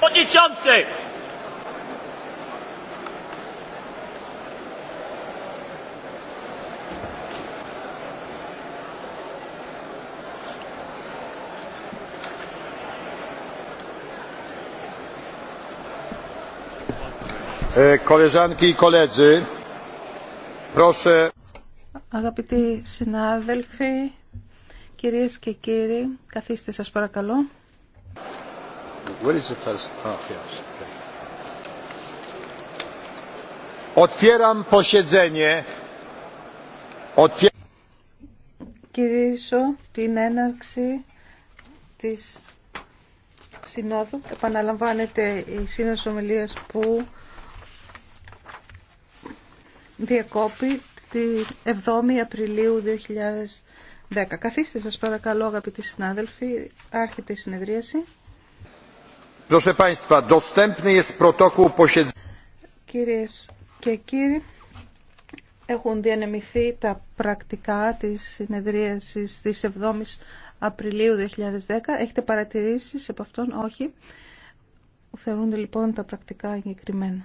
Przewodniczący! E, koleżanki i koledzy, Αγαπητοί συνάδελφοι, κυρίες και κύριοι, καθίστε σας παρακαλώ. Ah, Otwieram posiedzenie. Κυρίσω την έναρξη της Συνόδου. Επαναλαμβάνεται η σύνοδος ομιλίας που διακόπη τη 7η Απριλίου 2010. Καθίστε σας παρακαλώ αγαπητοί συνάδελφοι, άρχεται η συνεδρίαση. Proszę και κύριοι, έχουν διανεμηθεί τα πρακτικά της συνεδρίασης της 7 Απριλίου 2010. Έχετε παρατηρήσει από αυτόν, όχι. Θεωρούνται λοιπόν τα πρακτικά εγκεκριμένα.